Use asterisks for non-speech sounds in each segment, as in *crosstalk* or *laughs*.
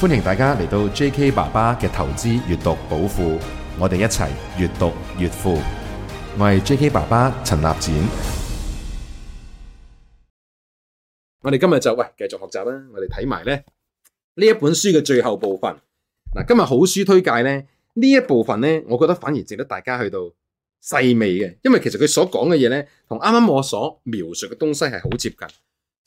歡迎大家嚟到 J.K. 爸爸嘅投資閱讀寶庫，我哋一齊閱讀越富。我係 J.K. 爸爸陳立展。我哋今日就喂，繼續學習啦，我哋睇埋咧呢這一本書嘅最後部分。今日好書推介咧呢這一部分咧，我覺得反而值得大家去到細味嘅，因為其實佢所講嘅嘢咧，同啱啱我所描述嘅東西係好接近。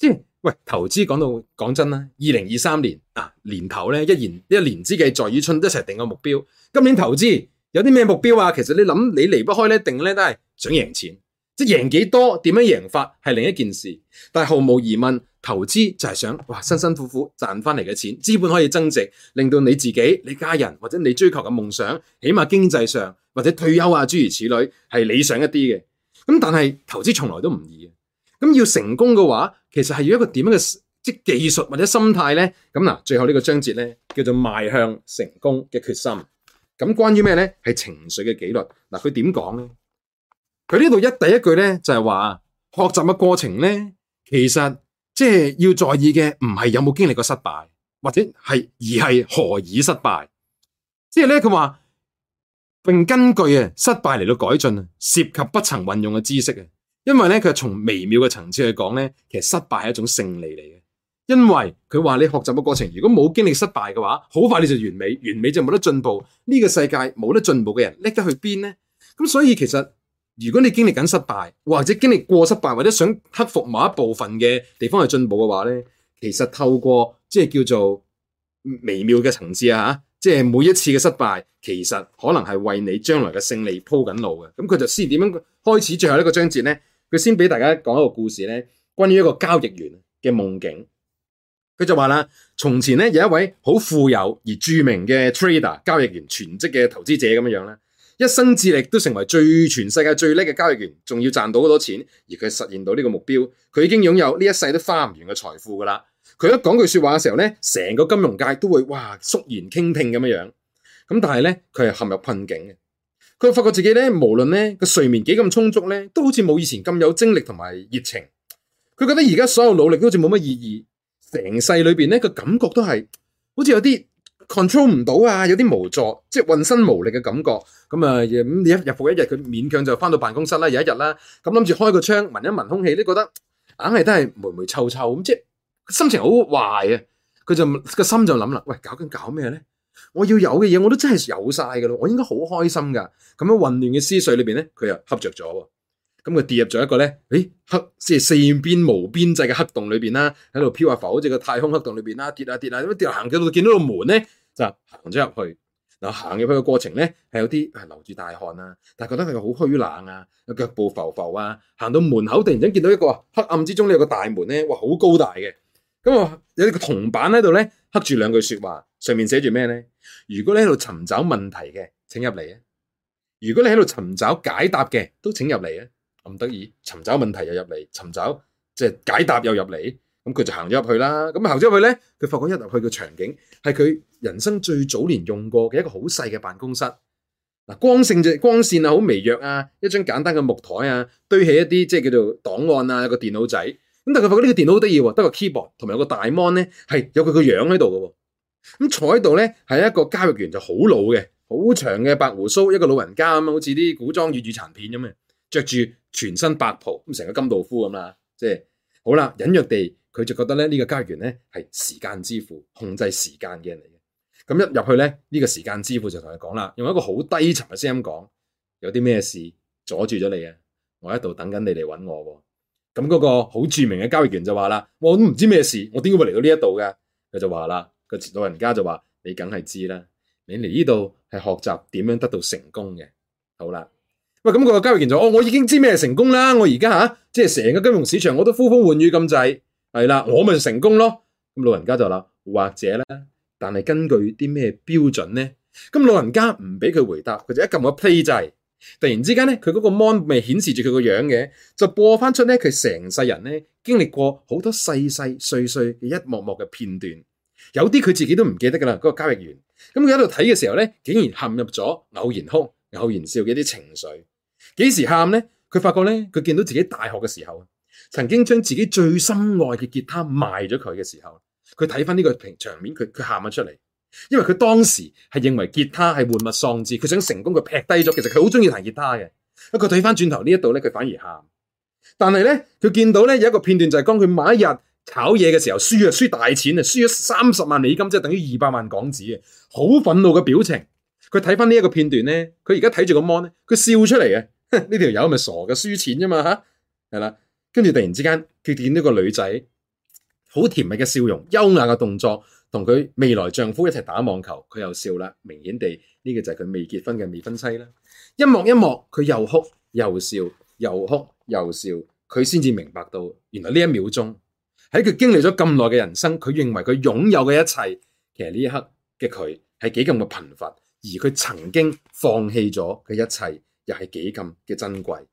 即係喂，投資講到講真啦，二零二三年啊，年頭咧一年一年之計在於春，一齊定個目標。今年投資有啲咩目標啊？其實你諗你離不開咧定咧都係想贏錢，即係贏幾多，點樣贏法係另一件事。但係毫無疑問，投資就係想哇辛辛苦苦賺翻嚟嘅錢，資本可以增值，令到你自己、你家人或者你追求嘅夢想，起碼經濟上或者退休啊諸如此類係理想一啲嘅。咁但係投資從來都唔易。咁要成功嘅話，其實係要一個點樣嘅即係技術或者心態咧？咁嗱，最後呢個章節咧，叫做邁向成功嘅決心。咁關於咩咧？係情緒嘅紀律。嗱，佢點講咧？佢呢度一第一句咧，就係話學習嘅過程咧，其實即係要在意嘅唔係有冇經歷過失敗，或者係而係何以失敗。即係咧，佢話並根據啊失敗嚟到改進啊，涉及不曾運用嘅知識嘅。因為咧，佢係從微妙嘅層次去講咧，其實失敗係一種勝利嚟嘅。因為佢話你學習嘅過程，如果冇經歷失敗嘅話，好快你就完美，完美就冇得進步。呢個世界冇得進步嘅人，叻得去邊咧？咁所以其實，如果你經歷緊失敗，或者經歷過失敗，或者想克服某一部分嘅地方去進步嘅話咧，其實透過即係叫做微妙嘅層次啊，即係每一次嘅失敗，其實可能係為你將來嘅勝利鋪緊路嘅。咁佢就先點樣開始最後一個章節咧？佢先俾大家講一個故事咧，關於一個交易員嘅夢境。佢就話啦：從前咧，有一位好富有而著名嘅 trader 交易員、全職嘅投資者咁樣樣咧，一生致力都成為最全世界最叻嘅交易員，仲要賺到好多錢，而佢實現到呢個目標，佢已經擁有呢一世都花唔完嘅財富噶啦。佢一講句說話嘅時候咧，成個金融界都會哇，肅然傾聽咁樣樣。咁但係咧，佢係陷入困境嘅。佢發覺自己咧，無論咧個睡眠幾咁充足咧，都好似冇以前咁有精力同埋熱情。佢覺得而家所有努力都好似冇乜意義，成世裏邊咧個感覺都係好似有啲 control 唔到啊，有啲無助，即係渾身無力嘅感覺。咁、嗯、啊，你一日復一日，佢勉強就翻到辦公室啦，有一日啦，咁諗住開個窗聞一聞空氣，都覺得硬係都係霉霉臭臭咁，即係心情好壞啊！佢就個心就諗啦，喂，搞緊搞咩咧？我要有嘅嘢，我都真係有晒噶咯，我應該好開心噶。咁樣混亂嘅思緒裏邊咧，佢又恰着咗，咁佢跌入咗一個咧，誒、欸，黑，即係四邊無邊際嘅黑洞裏邊啦，喺度飄啊浮，好似個太空黑洞裏邊啦，跌啊跌啊，咁樣跌行嘅度見到個門咧，就行咗入去。嗱，行入去嘅過程咧，係有啲係流住大汗啊，但係覺得佢好虛冷啊，個腳步浮浮啊，行到門口突然間見到一個黑暗之中呢有個大門咧，哇，好高大嘅。咁我有一個銅板喺度咧，刻住兩句説話，上面寫住咩咧？如果你喺度尋找問題嘅，請入嚟啊！如果你喺度尋找解答嘅，都請入嚟啊！咁得意，尋找問題又入嚟，尋找即係解答又入嚟，咁佢就行咗入去啦。咁行咗入去咧，佢發覺一入去嘅場景係佢人生最早年用過嘅一個好細嘅辦公室。嗱，光線就光線啊，好微弱啊，一張簡單嘅木枱啊，堆起一啲即係叫做檔案啊，一個電腦仔。咁但係佢發覺呢個電腦好得意喎，得個 keyboard 同埋有個大 mon 咧，係有佢個樣喺度嘅。咁坐喺度咧，係一個交易員，就好老嘅，好長嘅白鬍鬚，一個老人家咁啊，好似啲古裝粵語殘片咁啊，着住全身白袍，咁成個金道夫咁啦。即係好啦，隱約地佢就覺得咧，呢個交易員咧係時間支付控制時間嘅人嚟嘅。咁一入去咧，呢個時間支付就同佢講啦，用一個好低沉嘅聲音講，有啲咩事阻住咗你啊？我喺度等緊你嚟揾我喎。咁嗰個好著名嘅交易員就話啦：，我都唔知咩事，我點解會嚟到呢一度嘅？佢就話啦，個老人家就話：，你梗係知啦，你嚟呢度係學習點樣得到成功嘅。好啦，喂，咁個交易員就：，我、哦、我已經知咩成功啦，我而家吓即係成個金融市場我都呼風喚雨咁滯，係啦，我咪成功咯。咁老人家就話：，或者咧，但係根據啲咩標準咧？咁老人家唔俾佢回答，佢就一撳個 play 掣。突然之間咧，佢嗰個 mon 咪顯示住佢個樣嘅，就播翻出咧佢成世人咧經歷過好多細細碎碎嘅一幕幕嘅片段，有啲佢自己都唔記得噶啦，嗰個交易員。咁佢喺度睇嘅時候咧，竟然陷入咗偶然哭、偶然笑嘅一啲情緒。幾時喊咧？佢發覺咧，佢見到自己大學嘅時候，曾經將自己最心愛嘅吉他賣咗佢嘅時候，佢睇翻呢個場面，佢佢喊咗出嚟。因為佢當時係認為吉他係玩物喪志，佢想成功，佢劈低咗，其實佢好中意彈吉他嘅。不過睇翻轉頭呢一度咧，佢反而喊。但係咧，佢見到咧，有一個片段就係當佢某一日炒嘢嘅時候輸啊，輸大錢啊，輸咗三十萬美金，即係等於二百萬港紙嘅，好憤怒嘅表情。佢睇翻呢一個片段咧，佢而家睇住個芒 o 咧，佢笑出嚟嘅，呢條友咪傻嘅，輸錢咋嘛吓？係、啊、啦，跟住突然之間佢見到個女仔，好甜蜜嘅笑容，優雅嘅動作。同佢未來丈夫一齊打網球，佢又笑啦。明顯地，呢、這個就係佢未結婚嘅未婚妻啦。一幕一幕，佢又哭又笑，又哭又笑，佢先至明白到，原來呢一秒鐘喺佢經歷咗咁耐嘅人生，佢認為佢擁有嘅一切，其實呢一刻嘅佢係幾咁嘅貧乏，而佢曾經放棄咗嘅一切，又係幾咁嘅珍貴。咁、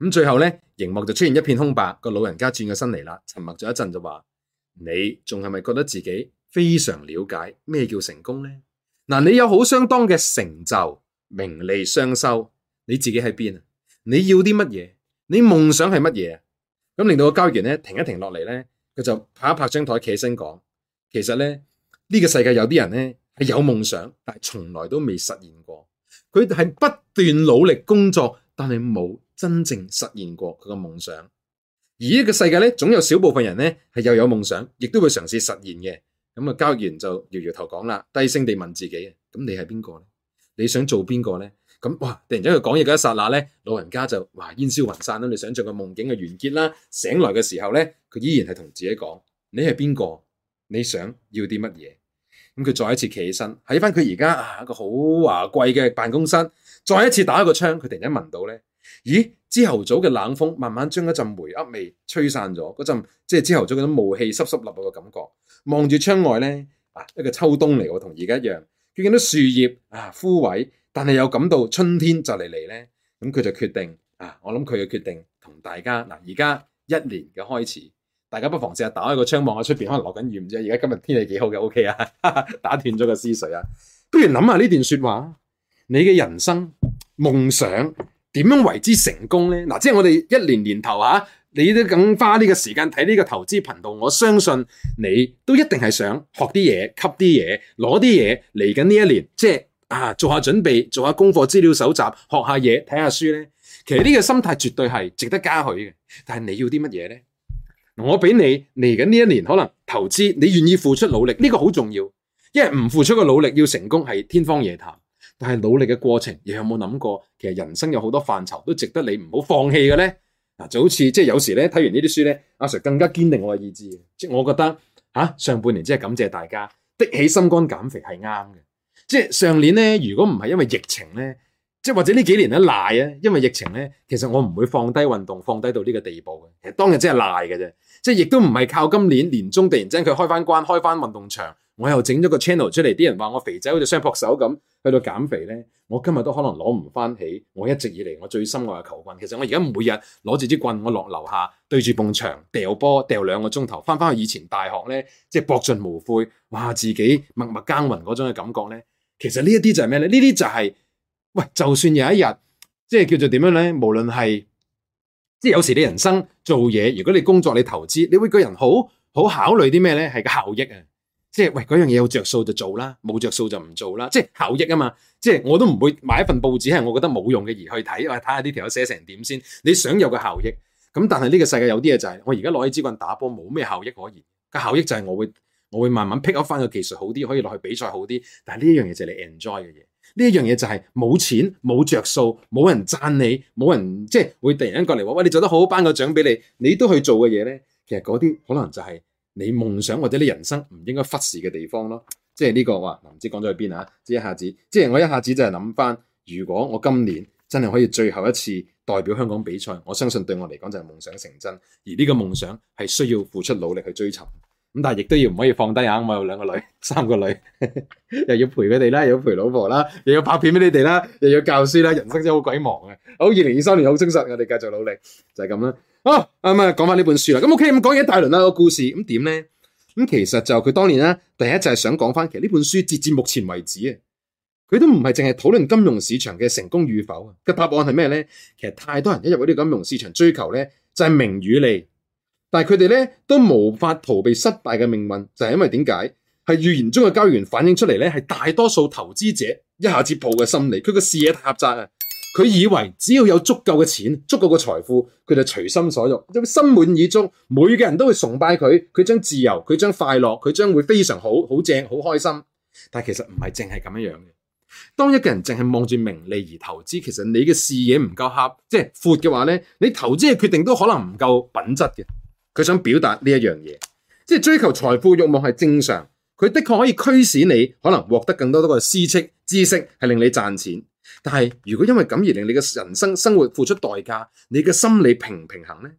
嗯、最後呢，熒幕就出現一片空白，個老人家轉過身嚟啦，沉默咗一陣就話：你仲係咪覺得自己非常了解咩叫成功呢？嗱，你有好相當嘅成就，名利雙收，你自己喺邊啊？你要啲乜嘢？你夢想係乜嘢？咁令到個交易員咧停一停落嚟，咧，佢就拍一拍張台，企起身講，其實咧，呢個世界有啲人咧，係有夢想，但係從來都未實現過。佢係不斷努力工作，但係冇真正實現過佢嘅夢想。而呢個世界咧，總有少部分人咧，係又有夢想，亦都會嘗試實現嘅。咁啊，交易員就搖搖頭講啦，低聲地問自己啊：咁你係邊個咧？你想做邊個呢？」咁哇，突然間佢講嘢嗰一剎那呢，老人家就哇煙消雲散啦，你想象嘅夢境嘅完結啦。醒來嘅時候呢，佢依然係同自己講：你係邊個？你想要啲乜嘢？咁佢再一次企起身，喺翻佢而家啊一個好華貴嘅辦公室，再一次打開個窗，佢突然間聞到呢。咦，朝頭早嘅冷風慢慢將一陣煤厄味吹散咗，嗰陣即係朝頭早嗰種霧氣濕濕立立嘅感覺。望住窗外咧，啊，一個秋冬嚟，我同而家一樣，見到啲樹葉啊枯萎，但係又感到春天就嚟嚟咧。咁佢就決定啊，我諗佢嘅決定同大家嗱，而、啊、家一年嘅開始，大家不妨試下打開個窗望下出邊，可能落緊雨唔知而家今日天氣幾好嘅，OK 啊，打斷咗個思緒啊，不如諗下呢段說話，你嘅人生夢想。點樣為之成功呢？嗱、啊，即係我哋一年年頭嚇、啊，你都咁花呢個時間睇呢個投資頻道，我相信你都一定係想學啲嘢、吸啲嘢、攞啲嘢嚟緊呢一年，即係啊，做下準備、做下功課、資料搜集、學下嘢、睇下書呢，其實呢個心態絕對係值得嘉許嘅。但係你要啲乜嘢呢？我俾你嚟緊呢一年，可能投資你願意付出努力，呢、這個好重要，因為唔付出個努力要成功係天方夜譚。但係努力嘅過程，又有冇諗過，其實人生有好多範疇都值得你唔好放棄嘅咧。嗱，就好似即係有時咧睇完呢啲書咧，阿 Sir 更加堅定我嘅意志。即係我覺得吓、啊，上半年真係感謝大家的起心肝減肥係啱嘅。即係上年咧，如果唔係因為疫情咧，即係或者呢幾年咧賴啊，因為疫情咧，其實我唔會放低運動，放低到呢個地步嘅。其實當日真係賴嘅啫，即係亦都唔係靠今年年中突然間佢開翻關，開翻運動場。我又整咗個 channel 出嚟，啲人話我肥仔好似相撲手咁，去到減肥呢。我今日都可能攞唔翻起。我一直以嚟我最心愛嘅球棍，其實我而家每日攞住支棍我下樓下，我落樓下對住埲牆掉波掉兩個鐘頭，翻翻去以前大學呢，即係搏盡無悔，話自己默默耕耘嗰種嘅感覺呢。其實呢一啲就係咩呢？呢啲就係、是、喂，就算有一日即係叫做點樣呢？無論係即係有時你人生做嘢，如果你工作你投資，你會個人好好考慮啲咩呢？係個效益啊！即係喂，嗰樣嘢有着數就做啦，冇着數就唔做啦。即係效益啊嘛，即係我都唔會買一份報紙係我覺得冇用嘅而去睇，話睇下呢條友寫成點先。你想有個效益，咁但係呢個世界有啲嘢就係、是、我而家攞起支棍打波冇咩效益可言。個效益就係我會我會慢慢 pick up 翻個技術好啲，可以落去比賽好啲。但係呢一樣嘢就係你 enjoy 嘅嘢。呢一樣嘢就係、是、冇錢、冇着數、冇人贊你、冇人即係會突然間過嚟話喂，你做得好，頒個獎俾你。你都去做嘅嘢咧，其實嗰啲可能就係、是。你夢想或者你人生唔應該忽視嘅地方咯，即係呢個話，唔知講咗去邊啊？即係一下子，即係我一下子就係諗翻，如果我今年真係可以最後一次代表香港比賽，我相信對我嚟講就係夢想成真。而呢個夢想係需要付出努力去追尋，咁但係亦都要唔可以放低啊！我有兩個女，三個女， *laughs* 又要陪佢哋啦，又要陪老婆啦，又要拍片俾你哋啦，又要教書啦，人生真係好鬼忙啊！好，二零二三年好精神，我哋繼續努力，就係咁啦。哦，咁啊，講翻呢本書啦，咁、嗯、OK，咁講完一大輪啦，個故事，咁點咧？咁其實就佢當年咧，第一就係想講翻，其實呢本書截至目前為止啊，佢都唔係淨係討論金融市場嘅成功與否啊。個答案係咩咧？其實太多人一入去呢個金融市場追求咧，就係、是、名與利，但係佢哋咧都無法逃避失敗嘅命運，就係、是、因為點解？係預言中嘅交易員反映出嚟咧，係大多數投資者一下子暴嘅心理，佢個視野太狹窄啊。佢以為只要有足夠嘅錢、足夠嘅財富，佢就隨心所欲，就會心滿意足。每個人都會崇拜佢，佢將自由、佢將快樂、佢將會非常好好正、好開心。但其實唔係淨係咁樣樣嘅。當一個人淨係望住名利而投資，其實你嘅視野唔夠闊，即係闊嘅話咧，你投資嘅決定都可能唔夠品質嘅。佢想表達呢一樣嘢，即係追求財富慾望係正常。佢的確可以驅使你可能獲得更多多嘅知識、知識係令你賺錢。但係如果因為咁而令你嘅人生生活付出代價，你嘅心理平唔平衡呢？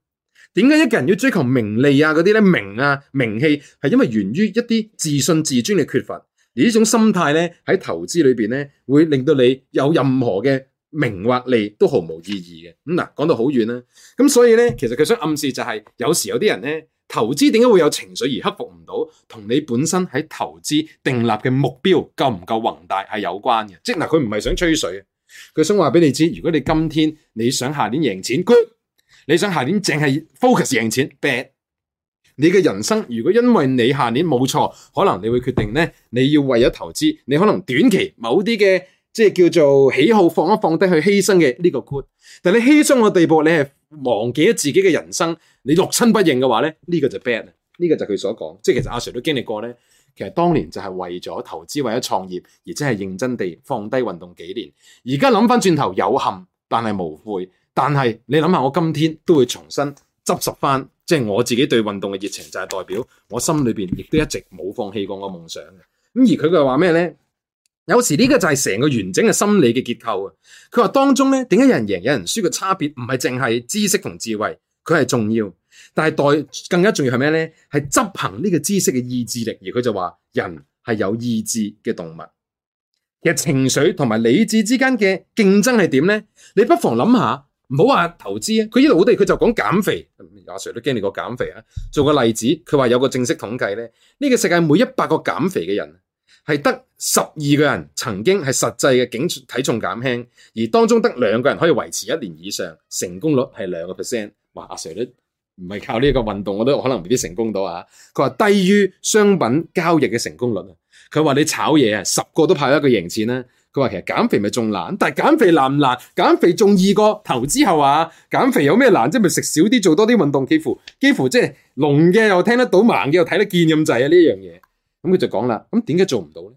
點解一個人要追求名利啊？嗰啲咧，名啊名氣係因為源於一啲自信自尊嘅缺乏，而呢種心態咧喺投資裏邊咧會令到你有任何嘅名或利都毫無意義嘅。咁、嗯、嗱，講到好遠啦，咁所以咧，其實佢想暗示就係、是、有時有啲人咧。投資點解會有情緒而克服唔到，同你本身喺投資定立嘅目標夠唔夠宏大係有關嘅。即係嗱，佢唔係想吹水啊，佢想話俾你知，如果你今天你想下年贏錢 good，你想下年淨係 focus 贏錢 bad，你嘅人生如果因為你下年冇錯，可能你會決定咧，你要為咗投資，你可能短期某啲嘅即係叫做喜好放一放低去犧牲嘅呢個 good，但你犧牲嘅地步你係。忘記咗自己嘅人生，你六親不認嘅話咧，呢個就 bad 啊！呢個就佢所講，即係其實阿 Sir 都經歷過咧。其實當年就係為咗投資、為咗創業，而真係認真地放低運動幾年。而家諗翻轉頭，有憾但係無悔。但係你諗下，我今天都會重新執拾翻，即係我自己對運動嘅熱情，就係代表我心裏邊亦都一直冇放棄過我夢想嘅。咁而佢嘅話咩咧？有時呢個就係成個完整嘅心理嘅結構啊！佢話當中咧，點解有人贏、有人輸嘅差別唔係淨係知識同智慧，佢係重要，但係代更加重要係咩呢？係執行呢個知識嘅意志力。而佢就話人係有意志嘅動物，其實情緒同埋理智之間嘅競爭係點呢？你不妨諗下，唔好話投資啊！佢一路我哋佢就講減肥，阿、嗯啊、Sir 都驚你個減肥啊！做個例子，佢話有個正式統計咧，呢、這個世界每一百個減肥嘅人。係得十二個人曾經係實際嘅警體重減輕，而當中得兩個人可以維持一年以上，成功率係兩、啊、個 percent。哇阿 Sir 都唔係靠呢個運動，我都可能未必成功到啊。佢話低於商品交易嘅成功率啊。佢話你炒嘢啊，十個都派一個贏錢啦。佢話其實減肥咪仲難，但係減肥難唔難？減肥仲易過投資係嘛？減肥有咩難？即係咪食少啲，做多啲運動，幾乎幾乎即係聾嘅又聽得到，盲嘅又睇得見咁滯啊呢樣嘢。這個咁佢就講啦，咁點解做唔到咧？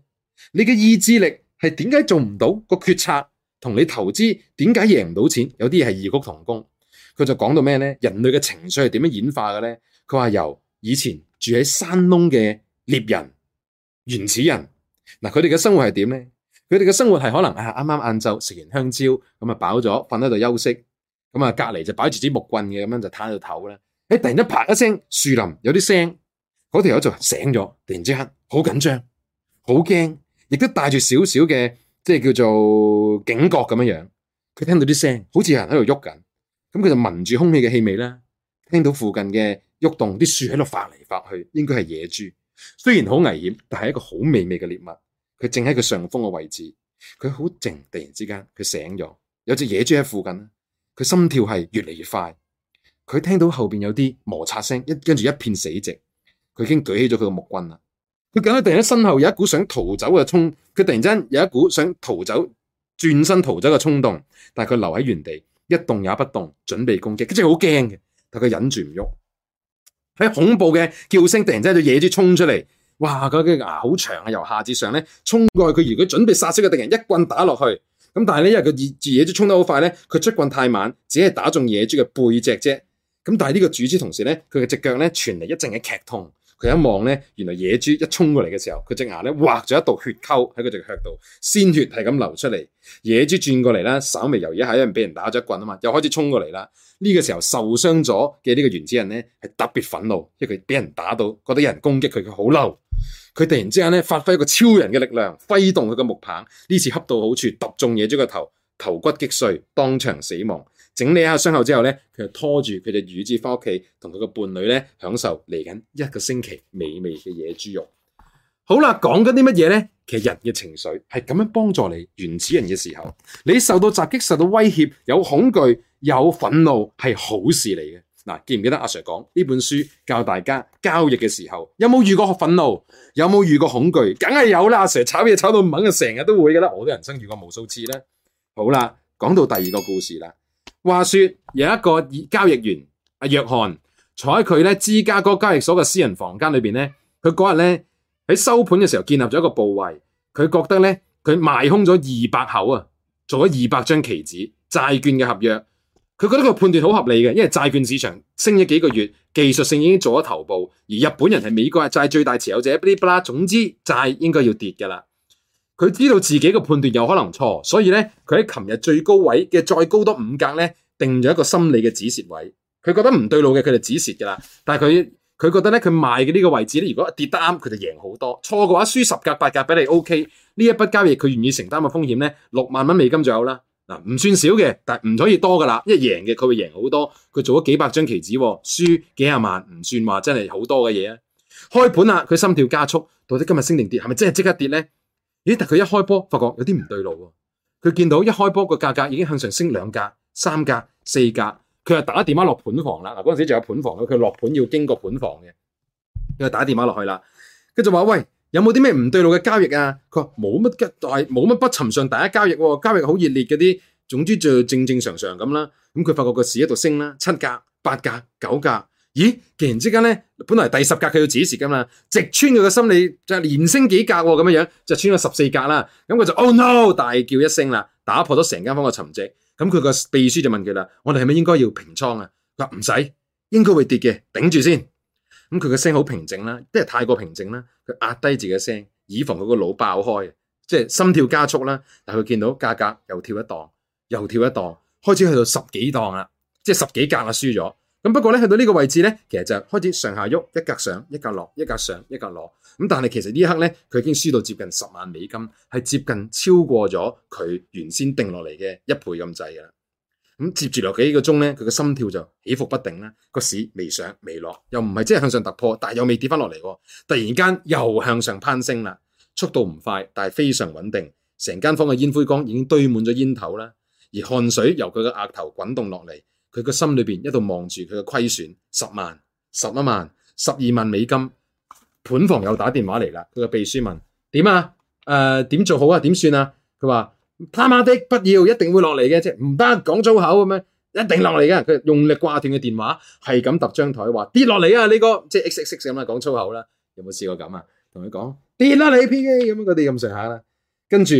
你嘅意志力係點解做唔到個決策？同你投資點解贏唔到錢？有啲嘢係異曲同工。佢就講到咩咧？人類嘅情緒係點樣演化嘅咧？佢話由以前住喺山窿嘅獵人、原始人，嗱佢哋嘅生活係點咧？佢哋嘅生活係可能啊啱啱晏晝食完香蕉咁啊飽咗，瞓喺度休息，咁啊隔籬就擺住支木棍嘅，咁樣就攤喺度唞啦。哎、欸，突然一啪一聲，樹林有啲聲，嗰條友就醒咗，突然之間。好緊張，好驚，亦都帶住少少嘅即係叫做警覺咁樣樣。佢聽到啲聲，好似有人喺度喐緊。咁佢就聞住空氣嘅氣味啦，聽到附近嘅喐動，啲樹喺度發嚟發去，應該係野豬。雖然好危險，但係一個好美味嘅獵物。佢正喺佢上風嘅位置，佢好靜。突然之間，佢醒咗，有隻野豬喺附近啦。佢心跳係越嚟越快，佢聽到後邊有啲摩擦聲，一跟住一片死寂。佢已經舉起咗佢嘅木棍啦。佢感到突然間身後有一股想逃走嘅衝，佢突然間有一股想逃走，轉身逃走嘅衝動，但係佢留喺原地一動也不動，準備攻擊。佢真係好驚嘅，但係佢忍住唔喐。喺恐怖嘅叫聲突然之間，隻野豬衝出嚟，哇！嗰啲牙好長啊，由下至上呢衝過去。佢如果準備殺死個敵人，一棍打落去咁，但係咧因為佢隻野豬衝得好快呢，佢出棍太慢，只係打中野豬嘅背脊啫。咁但係呢個主之同時咧，佢嘅隻腳咧傳嚟一陣嘅劇痛。佢一望咧，原來野豬一衝過嚟嘅時候，佢隻牙咧劃咗一道血溝喺佢隻腳度，鮮血係咁流出嚟。野豬轉過嚟啦，稍微猶豫一下俾人，人打咗一棍啊嘛，又開始衝過嚟啦。呢、這個時候受傷咗嘅呢個原子人咧，係特別憤怒，因為佢俾人打到，覺得有人攻擊佢，佢好嬲。佢突然之間咧，發揮一個超人嘅力量，揮動佢嘅木棒，呢次恰到好處，揼中野豬個頭。頭骨擊碎，當場死亡。整理一下傷口之後咧，佢就拖住佢哋乳子翻屋企，同佢個伴侶咧享受嚟緊一個星期美味嘅野豬肉。好啦，講緊啲乜嘢咧？其實人嘅情緒係咁樣幫助你。原始人嘅時候，你受到襲擊、受到威脅、有恐懼、有憤怒，係好事嚟嘅。嗱、啊，記唔記得阿、啊、Sir 講呢本書教大家交易嘅時候，有冇遇過憤怒？有冇遇過恐懼？梗係有啦，阿、啊、Sir 炒嘢炒到唔肯，啊，成日都會噶啦。我啲人生遇過無數次咧。好啦，講到第二個故事啦。話說有一個交易員阿約翰，坐喺佢芝加哥交易所嘅私人房間裏面呢。咧，佢嗰日咧喺收盤嘅時候建立咗一個部位，佢覺得咧佢賣空咗二百口啊，做咗二百張期子債券嘅合約，佢覺得個判斷好合理嘅，因為債券市場升咗幾個月，技術性已經做咗頭部，而日本人係美國嘅債最大持有者，不拉不拉，總之債應該要跌噶啦。佢知道自己嘅判斷有可能錯，所以咧佢喺琴日最高位嘅再高多五格咧，定咗一個心理嘅止蝕位。佢覺得唔對路嘅，佢就止蝕噶啦。但係佢佢覺得咧，佢賣嘅呢個位置咧，如果跌得啱，佢就贏好多。錯嘅話，輸十格八格俾你 OK。呢一筆交易佢願意承擔嘅風險咧，六萬蚊美金左右啦。嗱，唔算少嘅，但係唔可以多噶啦。一贏嘅佢會贏好多。佢做咗幾百張期指，輸幾廿萬，唔算話真係好多嘅嘢啊！開盤啦，佢心跳加速，到底今日升定跌？係咪真係即刻跌咧？咦！但佢一開波，發覺有啲唔對路喎，啊。佢見到一開波個價格已經向上升兩格、三格、四格，佢就打電話落盤房啦。嗱，嗰時仲有盤房嘅，佢落盤要經過盤房嘅，佢就打電話落去啦。佢就話：喂，有冇啲咩唔對路嘅交易啊？佢話冇乜嘅，冇乜不尋常第一交易，啊，交易好熱烈嗰啲，總之就正正常常咁啦。咁佢發覺個市喺度升啦，七格、八格、九格。咦，突然之間咧，本來第十格佢要止蝕噶嘛，直穿佢個心理，就係連升幾格咁樣樣，就穿咗十四格啦。咁佢就 oh no，大叫一聲啦，打破咗成間房嘅沉寂。咁佢個秘書就問佢啦：我哋係咪應該要平倉啊？佢話唔使，應該會跌嘅，頂住先。咁佢嘅聲好平靜啦，即係太過平靜啦，佢壓低自己嘅聲，以防佢個腦爆開，即係心跳加速啦。但係佢見到價格又跳一檔，又跳一檔，開始去到十幾檔啦，即係十幾格啊，輸咗。不過咧，去到呢個位置咧，其實就開始上下喐，一格上一格落，一格上一格落。咁但係其實呢一刻咧，佢已經輸到接近十萬美金，係接近超過咗佢原先定落嚟嘅一倍咁滯㗎喇。咁、嗯、接住落幾個鐘咧，佢嘅心跳就起伏不定啦，個市未上未落，又唔係即係向上突破，但係又未跌翻落嚟。突然間又向上攀升啦，速度唔快，但係非常穩定。成間房嘅煙灰缸已經堆滿咗煙頭啦，而汗水由佢嘅額頭滾動落嚟。佢個心裏邊一度望住佢嘅虧損，十萬、十一萬、十二萬美金，盤房又打電話嚟啦。佢個秘書問：點啊？誒、呃，點做好啊？點算啊？佢話：他媽的，不要，一定會落嚟嘅，即係唔得講粗口咁樣，一定落嚟嘅。佢用力掛斷嘅電話，係咁揼張台，話跌落嚟啊！呢個即係 X X 咁啦，講粗口啦。有冇試過咁啊？同佢講跌啦你 P K 咁樣，啲咁上下啦。跟住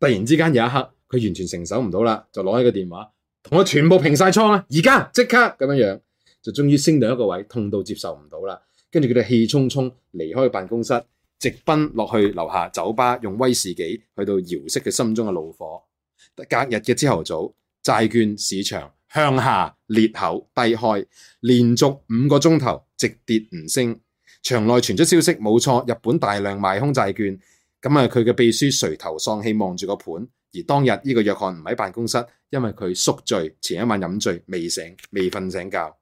突然之間有一刻，佢完全承受唔到啦，就攞起個電話。同我全部平晒倉啊！而家即刻咁樣樣，就終於升到一個位，痛到接受唔到啦。跟住佢哋氣沖沖離開辦公室，直奔落去樓下酒吧，用威士忌去到搖熄佢心中嘅怒火。隔日嘅朝頭早，債券市場向下裂口低開，連續五個鐘頭直跌唔升。場內傳出消息，冇錯，日本大量賣空債券。咁啊，佢嘅秘書垂頭喪氣望住個盤。而當日呢個約翰唔喺辦公室，因為佢宿醉，前一晚飲醉未醒，未瞓醒覺。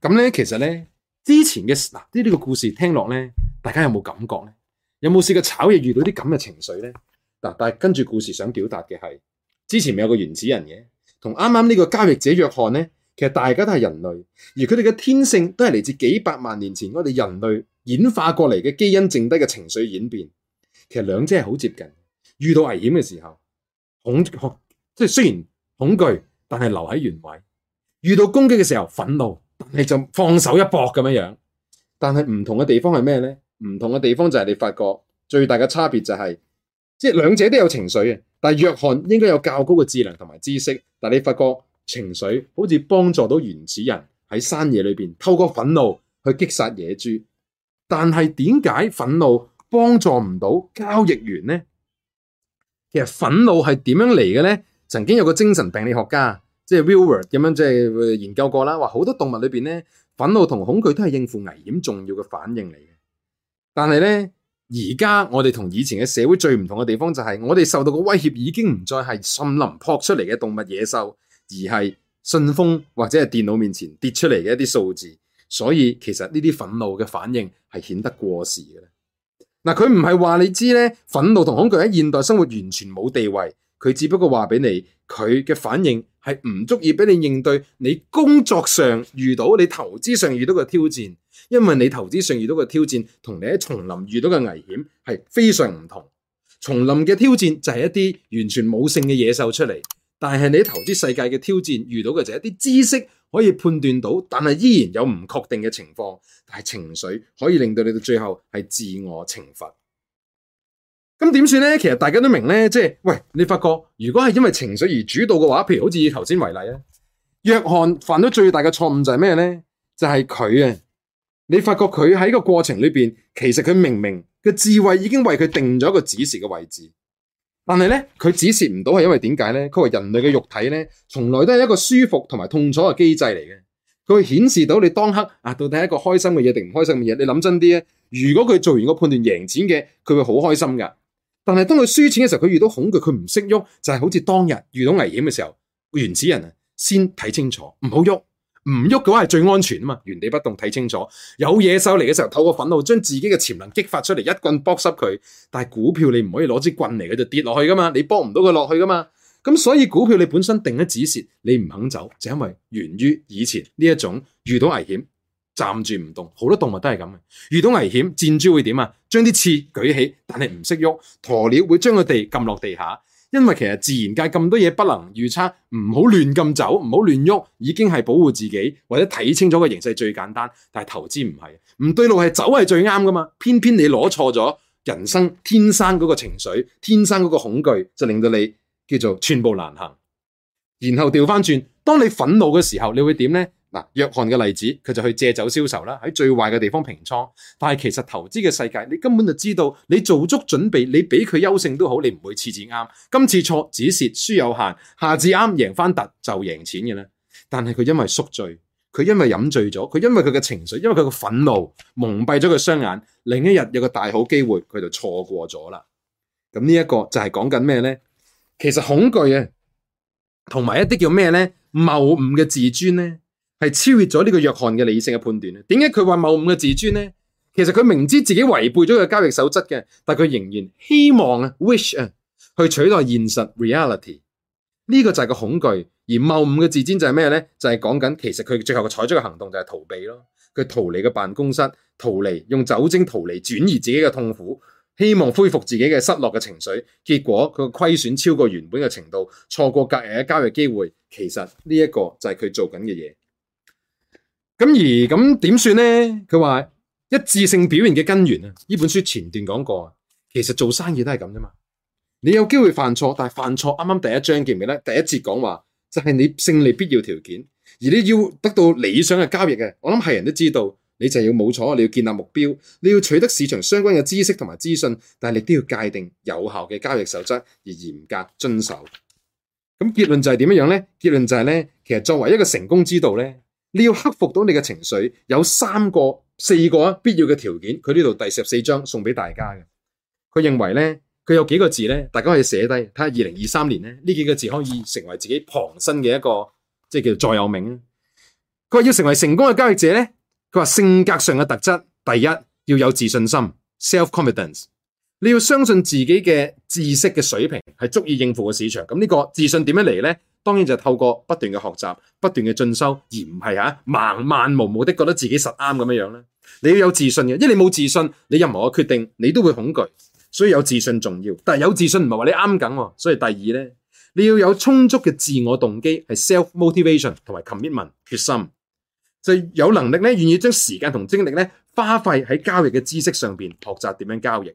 咁咧，其實咧之前嘅嗱呢呢個故事聽落咧，大家有冇感覺咧？有冇試過炒嘢遇到啲咁嘅情緒咧？嗱，但係跟住故事想表達嘅係，之前咪有個原始人嘅，同啱啱呢個交易者約翰咧，其實大家都係人類，而佢哋嘅天性都係嚟自幾百萬年前我哋人類演化過嚟嘅基因剩低嘅情緒演變，其實兩者係好接近。遇到危險嘅時候。恐，即係雖然恐懼，但係留喺原位。遇到攻擊嘅時候，憤怒，但係就放手一搏咁樣樣。但係唔同嘅地方係咩呢？唔同嘅地方就係你發覺最大嘅差別就係、是，即係兩者都有情緒啊。但係約翰應該有較高嘅智能同埋知識，但你發覺情緒好似幫助到原始人喺山野裏邊透過憤怒去擊殺野豬。但係點解憤怒幫助唔到交易員呢？其實憤怒係點樣嚟嘅咧？曾經有個精神病理學家，即係 Wilbur 咁樣，即係研究過啦。話好多動物裏邊咧，憤怒同恐懼都係應付危險重要嘅反應嚟嘅。但係咧，而家我哋同以前嘅社會最唔同嘅地方就係，我哋受到嘅威脅已經唔再係森林撲出嚟嘅動物野獸，而係信封或者係電腦面前跌出嚟嘅一啲數字。所以其實呢啲憤怒嘅反應係顯得過時嘅。嗱，佢唔係話你知咧，憤怒同恐懼喺現代生活完全冇地位。佢只不過話俾你，佢嘅反應係唔足以俾你應對你工作上遇到、你投資上遇到嘅挑戰。因為你投資上遇到嘅挑戰，同你喺叢林遇到嘅危險係非常唔同。叢林嘅挑戰就係一啲完全冇性嘅野獸出嚟，但係你喺投資世界嘅挑戰遇到嘅就係一啲知識。可以判斷到，但係依然有唔確定嘅情況。但係情緒可以令到你到最後係自我懲罰。咁點算呢？其實大家都明咧，即係喂，你發覺如果係因為情緒而主導嘅話，譬如好似以頭先為例啊，約翰犯咗最大嘅錯誤就係咩呢？就係佢啊！你發覺佢喺個過程裏邊，其實佢明明嘅智慧已經為佢定咗個指示嘅位置。但係呢，佢指示唔到係因為點解呢？佢話人類嘅肉體呢，從來都係一個舒服同埋痛楚嘅機制嚟嘅。佢會顯示到你當刻啊，到底係一個開心嘅嘢，定唔開心嘅嘢？你諗真啲，如果佢做完個判斷贏錢嘅，佢會好開心噶。但係當佢輸錢嘅時候，佢遇到恐懼，佢唔識喐，就係好似當日遇到危險嘅時候，原始人啊先睇清楚，唔好喐。唔喐嘅話係最安全啊嘛，原地不動睇清楚。有野獸嚟嘅時候，透過憤怒將自己嘅潛能激發出嚟，一棍剝濕佢。但係股票你唔可以攞支棍嚟，佢就跌落去噶嘛，你幫唔到佢落去噶嘛。咁所以股票你本身定咗止蝕，你唔肯走，就因為源於以前呢一種遇到危險站住唔動。好多動物都係咁嘅，遇到危險，箭豬會點啊？將啲刺舉起，但係唔識喐。鴕鳥會將佢哋撳落地下。因為其實自然界咁多嘢，不能預測，唔好亂咁走，唔好亂喐，已經係保護自己，或者睇清楚個形勢最簡單。但係投資唔係，唔對路係走係最啱㗎嘛。偏偏你攞錯咗，人生天生嗰個情緒，天生嗰個恐懼，就令到你叫做寸步難行。然後調返轉，當你憤怒嘅時候，你會點呢？約翰嘅例子，佢就去借酒消愁啦，喺最壞嘅地方平倉。但係其實投資嘅世界，你根本就知道，你做足準備，你比佢優勝都好，你唔會次次啱。今次錯止蝕，輸有限，下次啱贏翻突就贏錢嘅咧。但係佢因為宿醉，佢因為飲醉咗，佢因為佢嘅情緒，因為佢嘅憤怒蒙蔽咗佢雙眼。另一日有個大好機會，佢就錯過咗啦。咁呢一個就係講緊咩呢？其實恐懼啊，同埋一啲叫咩呢？謬誤嘅自尊呢。係超越咗呢個約翰嘅理性嘅判斷咧？點解佢話謬誤嘅自尊呢？其實佢明知自己違背咗個交易守則嘅，但佢仍然希望啊，wish 啊，去取代現實 reality 呢，這個就係個恐懼。而謬誤嘅自尊就係咩呢？就係講緊其實佢最後嘅採取嘅行動就係逃避咯，佢逃離嘅辦公室，逃離用酒精逃離轉移自己嘅痛苦，希望恢復自己嘅失落嘅情緒。結果佢嘅虧損超過原本嘅程度，錯過隔日嘅交易機會。其實呢一個就係佢做緊嘅嘢。咁而咁點算呢？佢話一致性表現嘅根源啊！呢本書前段講過，其實做生意都係咁啫嘛。你有機會犯錯，但係犯錯啱啱第一章記唔記得呢？第一節講話就係、是、你勝利必要條件，而你要得到理想嘅交易嘅。我諗係人都知道，你就要冇錯，你要建立目標，你要取得市場相關嘅知識同埋資訊，但係你都要界定有效嘅交易守則而嚴格遵守。咁結論就係點樣樣呢？結論就係、是、呢，其實作為一個成功之道呢。你要克服到你嘅情緒，有三個、四個必要嘅條件。佢呢度第十四章送俾大家嘅。佢認為呢，佢有幾個字呢，大家可以寫低睇下，二零二三年呢，呢幾個字可以成為自己旁身嘅一個即係叫做座右銘。佢話要成為成功嘅交易者呢，佢話性格上嘅特質，第一要有自信心 （self-confidence）。Self 你要相信自己嘅知識嘅水平係足以應付嘅市場。咁呢個自信點樣嚟呢？當然就透過不斷嘅學習、不斷嘅進修，而唔係嚇盲漫無目的，覺得自己實啱咁樣樣咧。你要有自信嘅，因為你冇自信，你任何嘅決定你都會恐懼，所以有自信重要。但係有自信唔係話你啱緊喎，所以第二咧，你要有充足嘅自我動機，係 self motivation 同埋 commitment 決心，就有能力咧願意將時間同精力咧花費喺交易嘅知識上邊，學習點樣交易。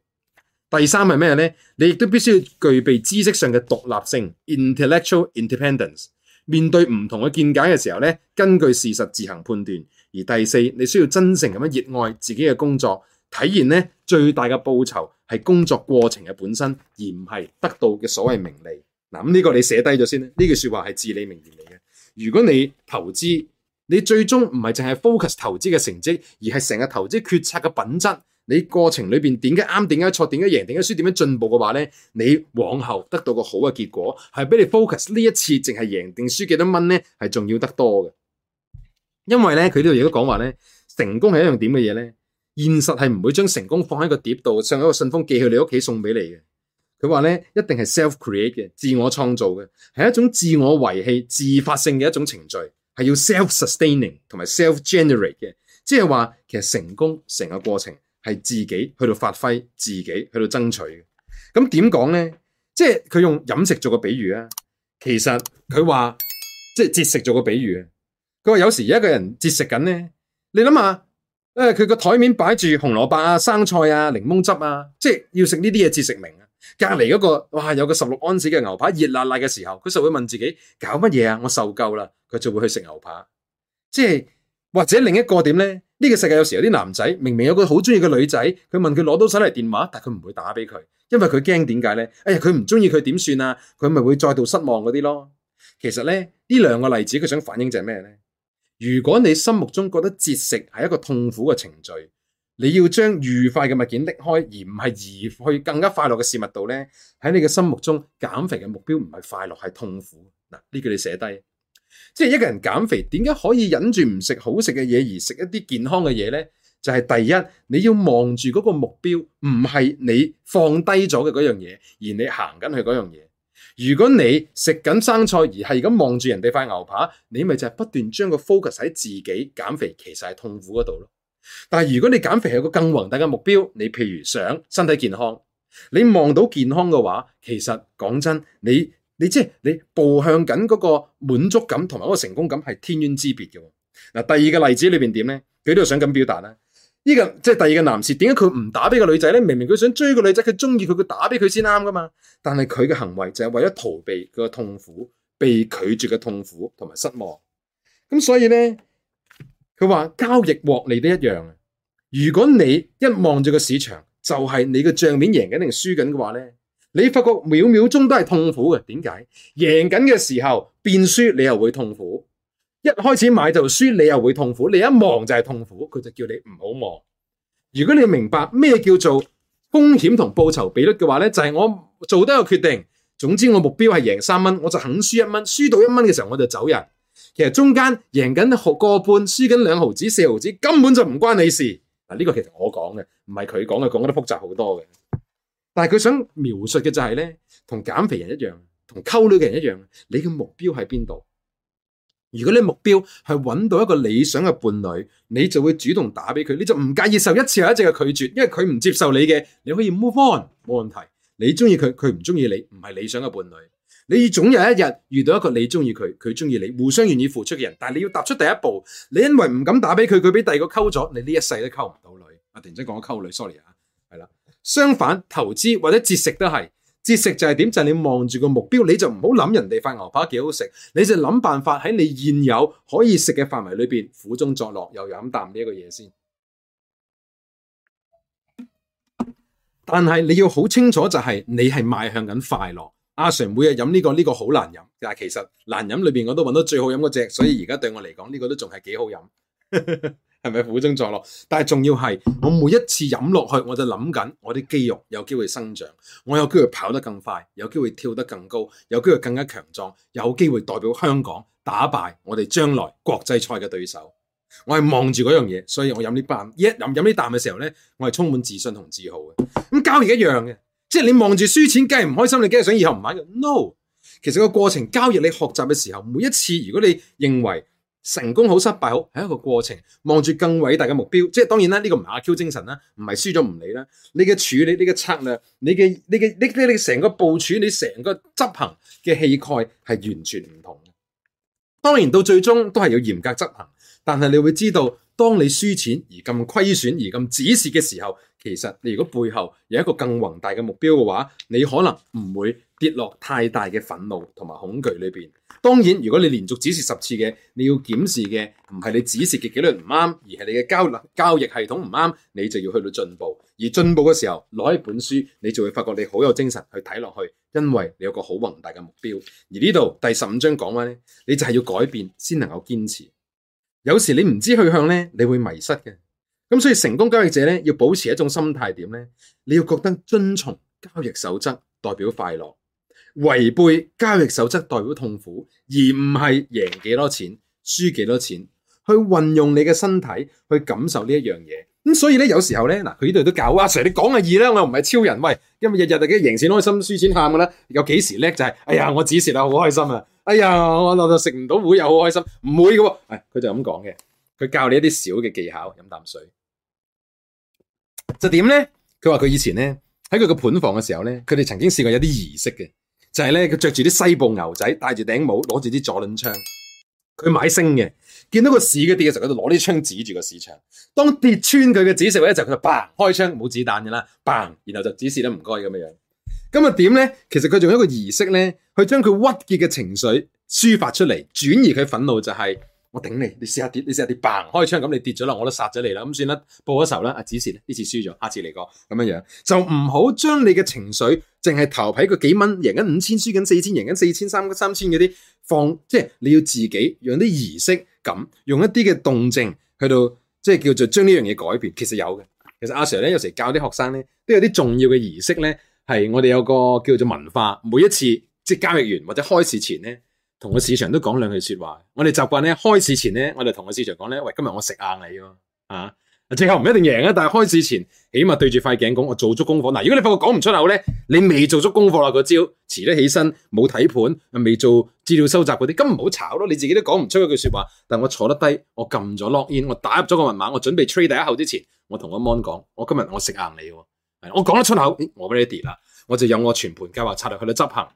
第三係咩呢？你亦都必須要具備知識上嘅獨立性 （intellectual independence）。面對唔同嘅見解嘅時候呢，根據事實自行判斷。而第四，你需要真誠咁樣熱愛自己嘅工作，體現，呢最大嘅報酬係工作過程嘅本身，而唔係得到嘅所謂名利。嗱，呢個你寫低咗先，呢句說話係至理名言嚟嘅。如果你投資，你最終唔係淨係 focus 投資嘅成績，而係成日投資決策嘅品質。你過程裏邊點解啱，點解錯，點解贏，點解輸，點樣進步嘅話咧，你往後得到個好嘅結果，係俾你 focus 呢一次淨係贏定輸幾多蚊咧，係重要得多嘅。因為咧佢呢度亦都講話咧，成功係一樣點嘅嘢咧，現實係唔會將成功放喺個碟度，上一個信封寄去你屋企送俾你嘅。佢話咧，一定係 self-create 嘅，自我創造嘅，係一種自我維繫、自發性嘅一種程序，係要 self-sustaining 同埋 self-generate 嘅，即係話其實成功成個過程。係自己去到發揮，自己去到爭取。咁點講呢？即係佢用飲食做個比喻啊。其實佢話，即係節食做個比喻啊。佢話有時有一個人節食緊呢，你諗下，誒佢個枱面擺住紅蘿蔔啊、生菜啊、檸檬汁啊，即係要食呢啲嘢節食明啊。隔籬嗰個，哇有個十六盎司嘅牛扒熱辣辣嘅時候，佢就會問自己搞乜嘢啊？我受夠啦，佢就會去食牛扒。即係或者另一個點呢。呢個世界有時有啲男仔明明有個好中意嘅女仔，佢問佢攞到手嚟電話，但佢唔會打俾佢，因為佢驚點解呢？哎呀，佢唔中意佢點算啊？佢咪會再度失望嗰啲咯。其實呢，呢兩個例子佢想反映就係咩呢？如果你心目中覺得節食係一個痛苦嘅程序，你要將愉快嘅物件擲開，而唔係移去更加快樂嘅事物度呢，喺你嘅心目中，減肥嘅目標唔係快樂，係痛苦。嗱，呢句你寫低。即係一個人減肥，點解可以忍住唔食好食嘅嘢而食一啲健康嘅嘢呢？就係第一，你要望住嗰個目標，唔係你放低咗嘅嗰樣嘢，而你行緊去嗰樣嘢。如果你食緊生菜而係咁望住人哋塊牛扒，你咪就係不斷將個 focus 喺自己減肥其實係痛苦嗰度咯。但係如果你減肥係個更宏大嘅目標，你譬如想身體健康，你望到健康嘅話，其實講真你。你即係你步向緊嗰個滿足感同埋個成功感係天淵之別嘅。嗱，第二個例子裏邊點咧？佢都想咁表達啦。呢、這個即係、就是、第二個男士點解佢唔打俾個女仔咧？明明佢想追個女仔，佢中意佢，佢打俾佢先啱噶嘛。但係佢嘅行為就係為咗逃避個痛苦、被拒絕嘅痛苦同埋失望。咁所以咧，佢話交易獲利都一樣。如果你一望住個市場，就係、是、你嘅帳面贏緊定輸緊嘅話咧。你發覺秒秒鐘都係痛苦嘅，點解？贏緊嘅時候變輸，你又會痛苦；一開始買就輸，你又會痛苦。你一望就係痛苦，佢就叫你唔好望。如果你明白咩叫做風險同報酬比率嘅話呢，就係我做咗個決定，總之我目標係贏三蚊，我就肯輸一蚊。輸到一蚊嘅時候我就走人。其實中間贏緊毫個半，輸緊兩毫子、四毫子，根本就唔關你事。嗱，呢個其實我講嘅，唔係佢講嘅，講得複雜好多嘅。但係佢想描述嘅就係呢：同減肥人一樣，同溝女嘅人一樣，你嘅目標喺邊度？如果你目標係揾到一個理想嘅伴侶，你就會主動打俾佢，你就唔介意受一次又一次嘅拒絕，因為佢唔接受你嘅，你可以 move on，冇問題。你中意佢，佢唔中意你，唔係理想嘅伴侶。你總有一日遇到一個你中意佢，佢中意你，互相願意付出嘅人。但係你要踏出第一步，你因為唔敢打俾佢，佢俾第二個溝咗，你呢一世都溝唔到女。啊，突然間講咗溝女，sorry 啊，係啦。相反，投資或者節食都係節食就係點就係、是、你望住個目標，你就唔好諗人哋塊牛扒幾好食，你就諗辦法喺你現有可以食嘅範圍裏邊苦中作樂，又飲啖呢一個嘢先。但係你要好清楚就係、是、你係邁向緊快樂。阿常每日飲呢個呢、呢個好難飲，但係其實難飲裏邊我都揾到最好飲嗰隻，所以而家對我嚟講呢個都仲係幾好飲。 *laughs* 係咪苦中作樂？但係仲要係我每一次飲落去，我就諗緊我啲肌肉有機會生長，我有機會跑得更快，有機會跳得更高，有機會更加強壯，有機會代表香港打敗我哋將來國際賽嘅對手。我係望住嗰樣嘢，所以我飲呢啖，依一飲飲呢啖嘅時候呢，我係充滿自信同自豪嘅。咁交易一樣嘅，即係你望住輸錢，梗係唔開心，你梗係想以後唔玩 No，其實個過程交易你學習嘅時候，每一次如果你認為，成功好，失敗好，係一個過程。望住更偉大嘅目標，即係當然啦，呢個唔係阿 Q 精神啦，唔係輸咗唔理啦。你嘅處理，你嘅策略，你嘅你嘅你你你成個部署，你成個執行嘅氣概係完全唔同。當然到最終都係要嚴格執行，但係你會知道，當你輸錢而咁虧損而咁止蝕嘅時候，其實你如果背後有一個更宏大嘅目標嘅話，你可能唔會，跌落太大嘅憤怒同埋恐懼裏邊，當然如果你連續止蝕十次嘅，你要檢視嘅唔係你止蝕嘅紀律唔啱，而係你嘅交交易系統唔啱，你就要去到進步。而進步嘅時候攞起本書，你就會發覺你好有精神去睇落去，因為你有個好宏大嘅目標。而呢度第十五章講話咧，你就係要改變先能夠堅持。有時你唔知去向咧，你會迷失嘅。咁所以成功交易者咧，要保持一種心態點咧，你要覺得遵從交易守則代表快樂。違背交易守則代表痛苦，而唔係贏幾多錢、輸幾多錢。去運用你嘅身體去感受呢一樣嘢。咁、嗯、所以咧，有時候咧，嗱，佢呢度都教阿、啊、Sir，你講係二啦，我又唔係超人喂，因為日日就咁贏錢開心、輸錢喊嘅啦，有幾時叻就係、是，哎呀，我止蝕啦，好開心啊！哎呀，我我食唔到會又好開心，唔會噶喎、啊。佢、哎、就咁講嘅，佢教你一啲小嘅技巧，飲啖水就點咧？佢話佢以前咧喺佢個盤房嘅時候咧，佢哋曾經試過有啲儀式嘅。就係咧，佢着住啲西部牛仔，戴住頂帽，攞住啲左輪槍。佢買星嘅，見到個市嘅跌嘅時候，佢就攞啲槍指住個市場。當跌穿佢嘅指示位咧，就佢就 bang 開槍，冇子彈嘅啦。bang 然後就指示咧唔該咁樣樣。咁啊點咧？其實佢仲有一個儀式咧，去將佢鬱結嘅情緒抒發出嚟，轉移佢憤怒就係、是。我頂你，你試下跌，你試下跌，bang 開槍咁，你跌咗啦，我都殺咗你啦，咁算啦，報咗仇啦。阿、啊、子善呢次輸咗，下次嚟過咁樣樣，就唔好將你嘅情緒淨係投喺個幾蚊，贏緊五千，輸緊四千，贏緊四千三三千嗰啲放，即係你要自己用啲儀式咁，用一啲嘅動靜去到，即係叫做將呢樣嘢改變。其實有嘅，其實阿 Sir 咧有時教啲學生咧，都有啲重要嘅儀式咧，係我哋有個叫做文化，每一次即係交易完或者開始前咧。同個市場都講兩句說話，我哋習慣咧，開市前咧，我哋同個市場講咧，喂，今日我食硬你喎，啊，最後唔一定贏啊，但係開市前起碼對住塊鏡講，我做足功課。嗱、啊，如果你發覺講唔出口咧，你未做足功課啦，嗰招遲咗起身，冇睇盤，又未做資料收集嗰啲，咁唔好炒咯。你自己都講唔出嗰句說話，但我坐得低，我撳咗 lock in，我打入咗個密碼，我準備 trade 第一口之前，我同個 mon 講，我今日我食硬你喎，我講得出口，嗯、我 ready 啦，我就有我全盤計劃策略去到執行。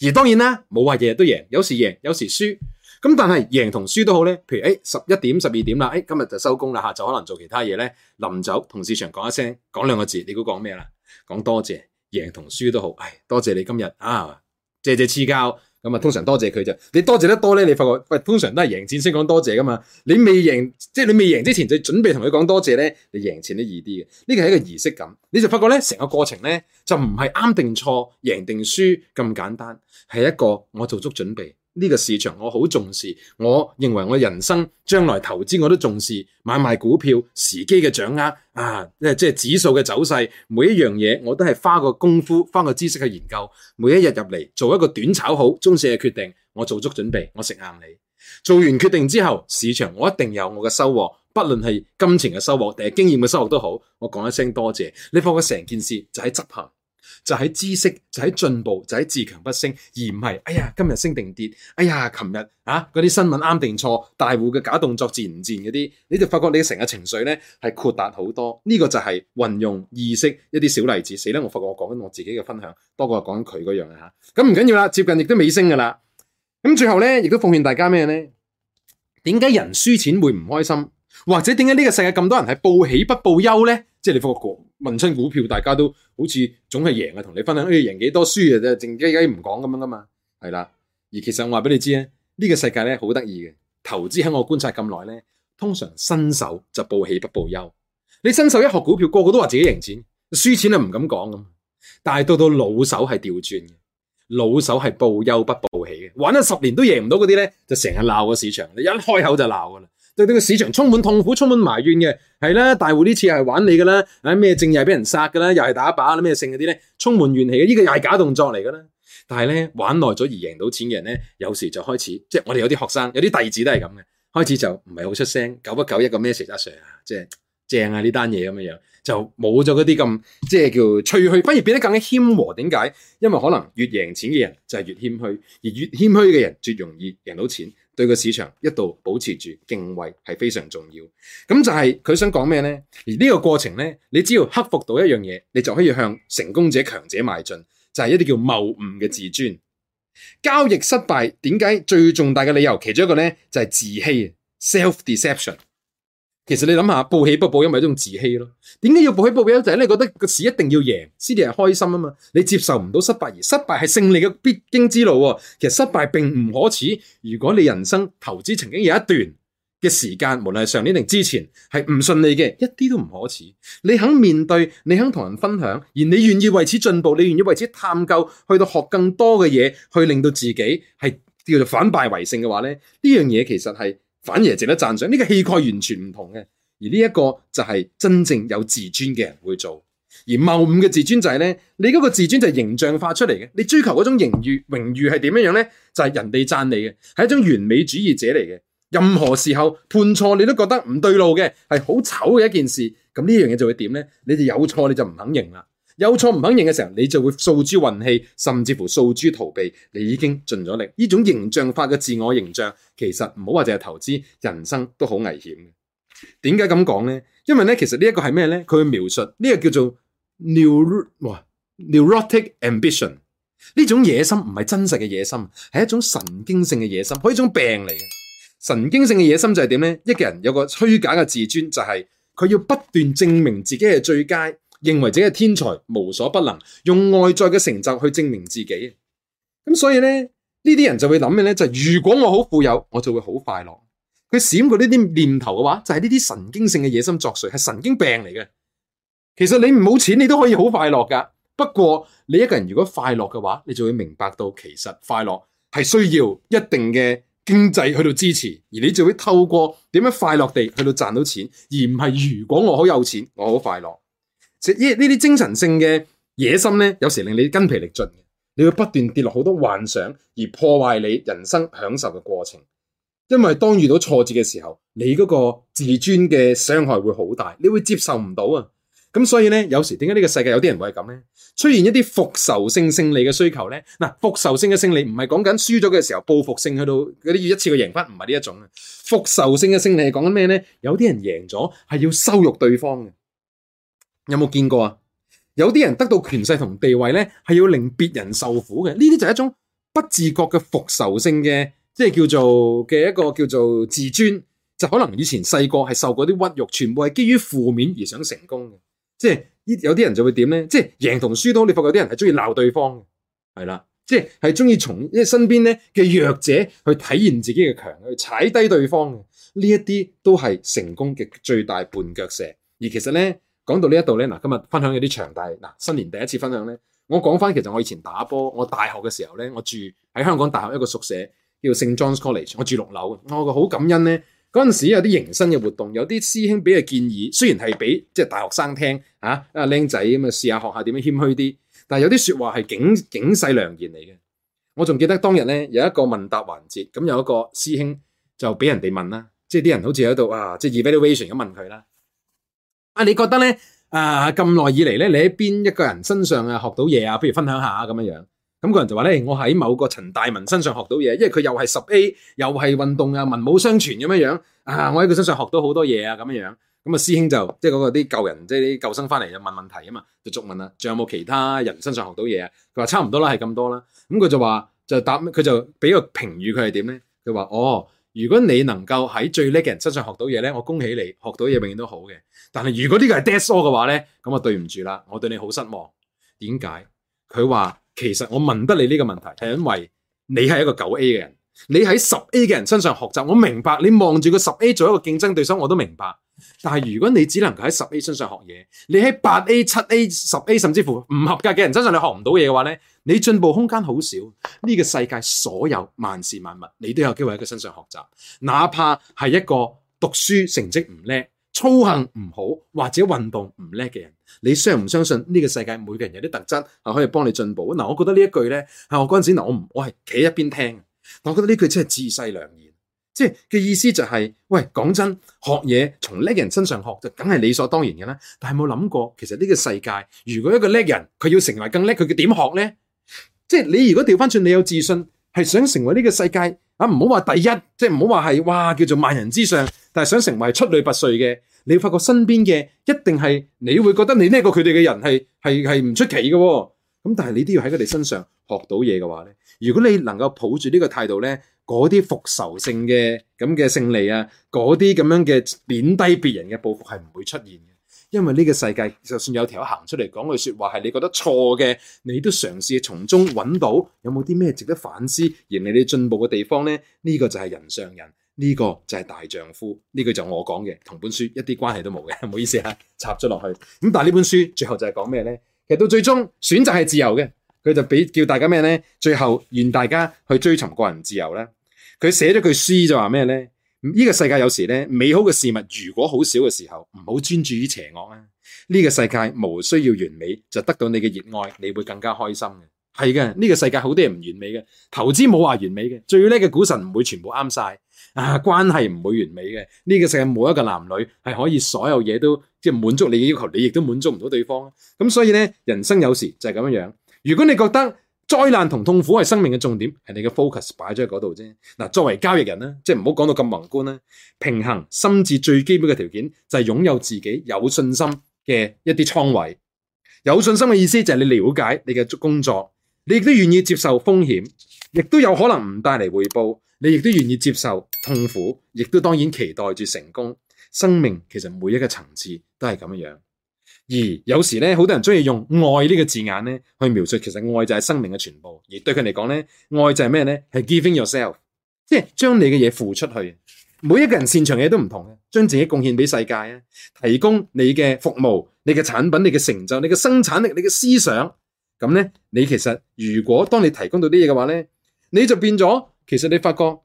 而當然咧，冇話日日都贏，有時贏，有時輸。咁但係贏同輸都好呢。譬如誒，十一點、十二點啦，誒、哎，今日就收工啦，下晝可能做其他嘢咧。臨走同市場講一聲，講兩個字，你估講咩啦？講多謝，贏同輸都好，誒、哎，多謝你今日啊，謝謝賜教。咁啊，通常多謝佢啫。你多謝得多呢，你發覺喂，通常都係贏錢先講多謝噶嘛。你未贏，即係你未贏之前，就準備同佢講多謝呢，你贏錢都易啲嘅。呢個係一個儀式感，你就發覺咧，成個過程呢，就唔係啱定錯、贏定輸咁簡單，係一個我做足準備。呢個市場我好重視，我認為我人生將來投資我都重視買賣股票時機嘅掌握啊！即係指數嘅走勢，每一樣嘢我都係花個功夫，花個知識去研究。每一日入嚟做一個短炒好、中線嘅決定，我做足準備，我食硬你做完決定之後，市場我一定有我嘅收穫，不論係金錢嘅收穫定係經驗嘅收穫都好，我講一聲多謝。你放我成件事就喺執行，就喺知識，就喺進步，就喺自強不息，而唔係哎呀今日升定跌，哎呀琴日啊嗰啲新聞啱定錯，大戶嘅假動作、自戰戰嗰啲，你就發覺你成日情緒咧係豁達好多。呢、呢個就係運用意識一啲小例子。死啦！我發覺我講緊我自己嘅分享多過講佢嗰樣咁唔、啊、緊要啦，接近亦都尾聲噶啦。咁最後咧，亦都奉勸大家咩咧？點解人輸錢會唔開心？或者點解呢個世界咁多人係報喜不報憂咧？即係你個股問親股票，大家都好似總係贏嘅，同你分享，跟住，哎，贏幾多輸啊，就靜雞雞唔講咁樣噶嘛，係啦。而其實我話俾你知咧，呢個世界咧好得意嘅，投資喺我觀察咁耐咧，通常新手就報喜不報憂，你新手一學股票，個個都話自己贏錢，輸錢啊唔敢講咁。但係到到老手係調轉嘅，老手係報憂不報喜嘅，玩咗十年都贏唔到嗰啲咧，就成日鬧個市場，你一開口就鬧噶啦。對呢個市場充滿痛苦，充滿埋怨嘅，係啦，大戶呢次又係玩你噶啦，唉咩正又係俾人殺噶啦，又係打靶啦，咩性嗰啲咧，充滿怨氣嘅呢個又係假動作嚟噶啦。但係咧玩耐咗而贏到錢嘅人咧，有時就開始即係我哋有啲學生，有啲弟子都係咁嘅，開始就唔係好出聲，久不久一個 message 阿 Sir 啊，即係正啊呢單嘢咁樣樣，就冇咗嗰啲咁即係叫吹噓，反而變得更加謙和。點解？因為可能越贏錢嘅人就係越謙虛，而越謙虛嘅人越容易贏到錢。對個市場一度保持住敬畏係非常重要，咁就係佢想講咩呢？而呢個過程呢，你只要克服到一樣嘢，你就可以向成功者、強者邁進，就係、是、一啲叫謬誤嘅自尊。交易失敗點解最重大嘅理由，其中一個呢，就係自欺，Self Deception。De .其實你諗下，報喜不報憂咪一種自欺咯。點解要報喜不報憂？就係、是、你覺得個市一定要贏，先至係開心啊嘛。你接受唔到失敗而失敗係勝利嘅必經之路，啊。其實失敗並唔可恥。如果你人生投資曾經有一段嘅時間，無論係上年定之前係唔順利嘅，一啲都唔可恥。你肯面對，你肯同人分享，而你願意為此進步，你願意為此探究，去到學更多嘅嘢，去令到自己係叫做反敗為勝嘅話咧，呢樣嘢其實係。反而值得讚賞，呢個氣概完全唔同嘅。而呢一個就係真正有自尊嘅人會做，而謬誤嘅自尊就係咧，你嗰個自尊就係形象化出嚟嘅，你追求嗰種榮譽榮譽係點樣樣咧？就係人哋讚你嘅，係一種完美主義者嚟嘅。任何時候判錯你都覺得唔對路嘅，係好醜嘅一件事。咁呢樣嘢就會點咧？你就有錯你就唔肯認啦。有錯唔肯認嘅時候，你就會訴諸運氣，甚至乎訴諸逃避。你已經盡咗力，呢種形象化嘅自我形象，其實唔好話淨係投資，人生都好危險。點解咁講呢？因為咧，其實呢一個係咩呢？佢描述呢、這個叫做 neuro neurotic ambition，呢種野心唔係真實嘅野心，係一種神經性嘅野心，係一種病嚟嘅。神經性嘅野心就係點呢？一個人有個虛假嘅自尊，就係、是、佢要不斷證明自己係最佳。認為自己係天才，無所不能，用外在嘅成就去證明自己。咁所以呢，呢啲人就會諗嘅咧，就係如果我好富有，我就會好快樂。佢閃過呢啲念頭嘅話，就係呢啲神經性嘅野心作祟，係神經病嚟嘅。其實你唔冇錢，你都可以好快樂㗎。不過你一個人如果快樂嘅話，你就會明白到，其實快樂係需要一定嘅經濟去到支持，而你就會透過點樣快樂地去到賺到錢，而唔係如果我好有錢，我好快樂。呢啲精神性嘅野心咧，有時令你筋疲力盡，你會不斷跌落好多幻想，而破壞你人生享受嘅過程。因為當遇到挫折嘅時候，你嗰個自尊嘅傷害會好大，你會接受唔到啊。咁所以咧，有時點解呢個世界有啲人會係咁咧？出現一啲復仇性勝利嘅需求咧，嗱，復仇性嘅勝利唔係講緊輸咗嘅時候報復性去到你要一次過贏翻，唔係呢一種啊。復仇性嘅勝利係講緊咩咧？有啲人贏咗係要羞辱對方嘅。有冇見過啊？有啲人得到權勢同地位呢，係要令別人受苦嘅。呢啲就係一種不自覺嘅復仇性嘅，即係叫做嘅一個叫做自尊。就可能以前細個係受過啲屈辱，全部係基於負面而想成功嘅。即係有啲人就會點呢？即係贏同輸都好，你發覺有啲人係中意鬧對方，係啦，即係係中意從即係身邊咧嘅弱者去體現自己嘅強，去踩低對方。呢一啲都係成功嘅最大絆腳石。而其實呢。講到呢一度咧，嗱，今日分享有啲長大，嗱，新年第一次分享咧，我講翻其實我以前打波，我大學嘅時候咧，我住喺香港大學一個宿舍，叫 St. John's College，我住六樓。我好感恩咧，嗰陣時有啲迎新嘅活動，有啲師兄俾嘅建議，雖然係俾即係大學生聽吓，啊靚仔咁啊試下，試下學下學下點樣謙虛啲，但係有啲説話係警警世良言嚟嘅。我仲記得當日咧有一個問答環節，咁有一個師兄就俾人哋問啦，即係啲人好似喺度啊，即係 evaluation 咁問佢啦。啊！你覺得咧？誒、啊，咁耐以嚟咧，你喺邊一個人身上啊學到嘢啊？不如分享下咁樣樣。咁、那個人就話咧，我喺某個陳大文身上學到嘢，因為佢又係十 A，又係運動啊，文武雙全咁樣樣啊。我喺佢身上學到好多嘢啊，咁樣樣咁啊。那個、師兄就即係嗰個啲舊人，即係啲舊生翻嚟就問問題啊嘛，就續問啦。仲有冇其他人身上學到嘢啊？佢話差唔多啦，係咁多啦。咁佢就話就答，佢就俾個評語，佢係點咧？佢話哦，如果你能夠喺最叻嘅人身上學到嘢咧，我恭喜你，學到嘢永遠都好嘅。嗯但係如果呢個係 dead saw 嘅話呢，咁啊對唔住啦，我對你好失望。點解？佢話其實我問得你呢個問題，係因為你係一個九 A 嘅人，你喺十 A 嘅人身上學習，我明白你望住個十 A 做一個競爭對手，我都明白。但係如果你只能夠喺十 A 身上學嘢，你喺八 A、七 A、十 A 甚至乎唔合格嘅人身上學你學唔到嘢嘅話呢，你進步空間好少。呢個世界所有萬事萬物，你都有機會喺佢身上學習，哪怕係一個讀書成績唔叻，操行唔好或者運動唔叻嘅人，你相唔相信呢個世界每個人有啲特質啊，可以幫你進步？嗱、呃，我覺得呢一句咧，係我嗰陣時嗱、呃，我唔我係企一邊聽，但我覺得呢句真係自細良言，即係嘅意思就係、是，喂，講真，學嘢從叻人身上學就梗係理所當然嘅啦。但係冇諗過，其實呢個世界如果一個叻人佢要成為更叻，佢嘅點學咧？即係你如果調翻轉，你有自信。係想成為呢個世界啊，唔好話第一，即係唔好話係哇，叫做萬人之上，但係想成為出類拔萃嘅，你發覺身邊嘅一定係你會覺得你叻過佢哋嘅人係係係唔出奇嘅。哦，咁但係你都要喺佢哋身上學到嘢嘅話咧，如果你能夠抱住呢個態度咧，嗰啲復仇性嘅咁嘅勝利啊，嗰啲咁樣嘅貶低別人嘅報復係唔會出現嘅。因為呢個世界，就算有條友行出嚟講句說話係你覺得錯嘅，你都嘗試從中揾到有冇啲咩值得反思，而令你的進步嘅地方呢？呢、這個就係人上人，呢、這個就係大丈夫。呢句就我講嘅，同本書一啲關係都冇嘅，唔好意思吓、啊、插咗落去。但係呢本書最後就係講咩呢？其實到最終選擇係自由嘅，佢就俾叫大家咩呢？最後願大家去追尋個人自由呢。佢寫咗句詩就話咩呢？呢個世界有時咧，美好嘅事物如果好少嘅時候，唔好專注於邪惡啊！呢個世界無需要完美就得到你嘅熱愛，你會更加開心嘅。係嘅，呢個世界好多人唔完美嘅，投資冇話完美嘅，最叻嘅股神唔會全部啱晒啊！關係唔會完美嘅，呢個世界冇一個男女係可以所有嘢都即係滿足你嘅要求，你亦都滿足唔到對方啊。咁所以咧，人生有時就係咁樣樣。如果你覺得，災難同痛苦係生命嘅重點，係你嘅 focus 擺咗喺嗰度啫。嗱，作為交易人咧，即係唔好講到咁宏觀咧，平衡甚至最基本嘅條件就係擁有自己有信心嘅一啲倉位。有信心嘅意思就係你了解你嘅工作，你亦都願意接受風險，亦都有可能唔帶嚟回報，你亦都願意接受痛苦，亦都當然期待住成功。生命其實每一個層次都係咁樣樣。而有時咧，好多人中意用愛呢個字眼咧去描述，其實愛就係生命嘅全部。而對佢嚟講咧，愛就係咩咧？係 giving yourself，即係將你嘅嘢付出去。每一個人擅長嘅嘢都唔同，將自己貢獻俾世界啊，提供你嘅服務、你嘅產品、你嘅成就、你嘅生產力、你嘅思想。咁咧，你其實如果當你提供到啲嘢嘅話咧，你就變咗。其實你發覺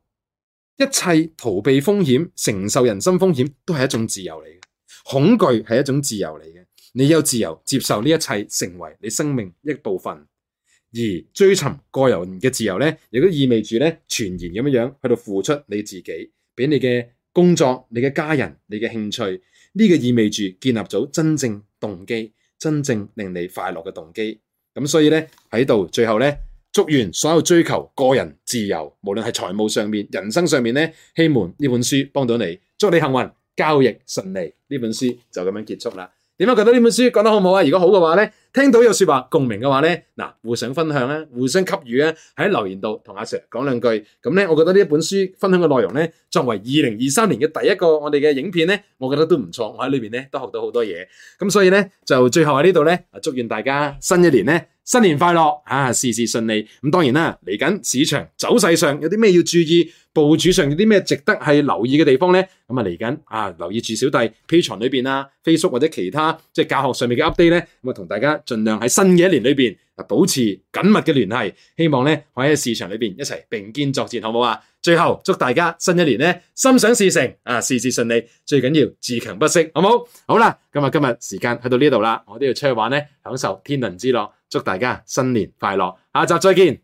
一切逃避風險、承受人生風險都係一種自由嚟嘅，恐懼係一種自由嚟嘅。你有自由接受呢一切，成為你生命一部分；而追尋個人嘅自由呢，亦都意味住呢，全然咁樣樣去到付出你自己，俾你嘅工作、你嘅家人、你嘅興趣。呢個意味住建立咗真正動機，真正令你快樂嘅動機。咁所以呢，喺度最後呢，祝願所有追求個人自由，無論係財務上面、人生上面呢，希望呢本書幫到你，祝你幸運，交易順利。呢本書就咁樣結束啦。點樣覺得呢本書講得好唔好啊？如果好嘅話咧。聽到有說話共鳴嘅話呢，嗱，互相分享咧、啊，互相給予咧，喺留言度同阿 Sir 講兩句。咁咧，我覺得呢一本書分享嘅內容咧，作為二零二三年嘅第一個我哋嘅影片咧，我覺得都唔錯。我喺裏邊咧都學到好多嘢。咁所以咧，就最後喺呢度咧，啊，祝願大家新一年咧新年快樂啊，事事順利。咁、啊、當然啦，嚟緊市場走勢上有啲咩要注意，部署上有啲咩值得係留意嘅地方咧？咁啊嚟緊啊，留意住小弟 Patreon 裏邊啊，Facebook 或者其他即係、就是、教學上面嘅 update 咧，咁啊同大家。盡量喺新嘅一年裏面保持緊密嘅聯繫，希望咧可以喺市場裏面一齊並肩作戰，好唔好啊？最後祝大家新一年咧心想事成、啊、事事順利，最緊要自強不息，好唔好？好啦，今日今日時間去到呢度啦，我都要出去玩呢，享受天倫之樂。祝大家新年快樂，下集再見。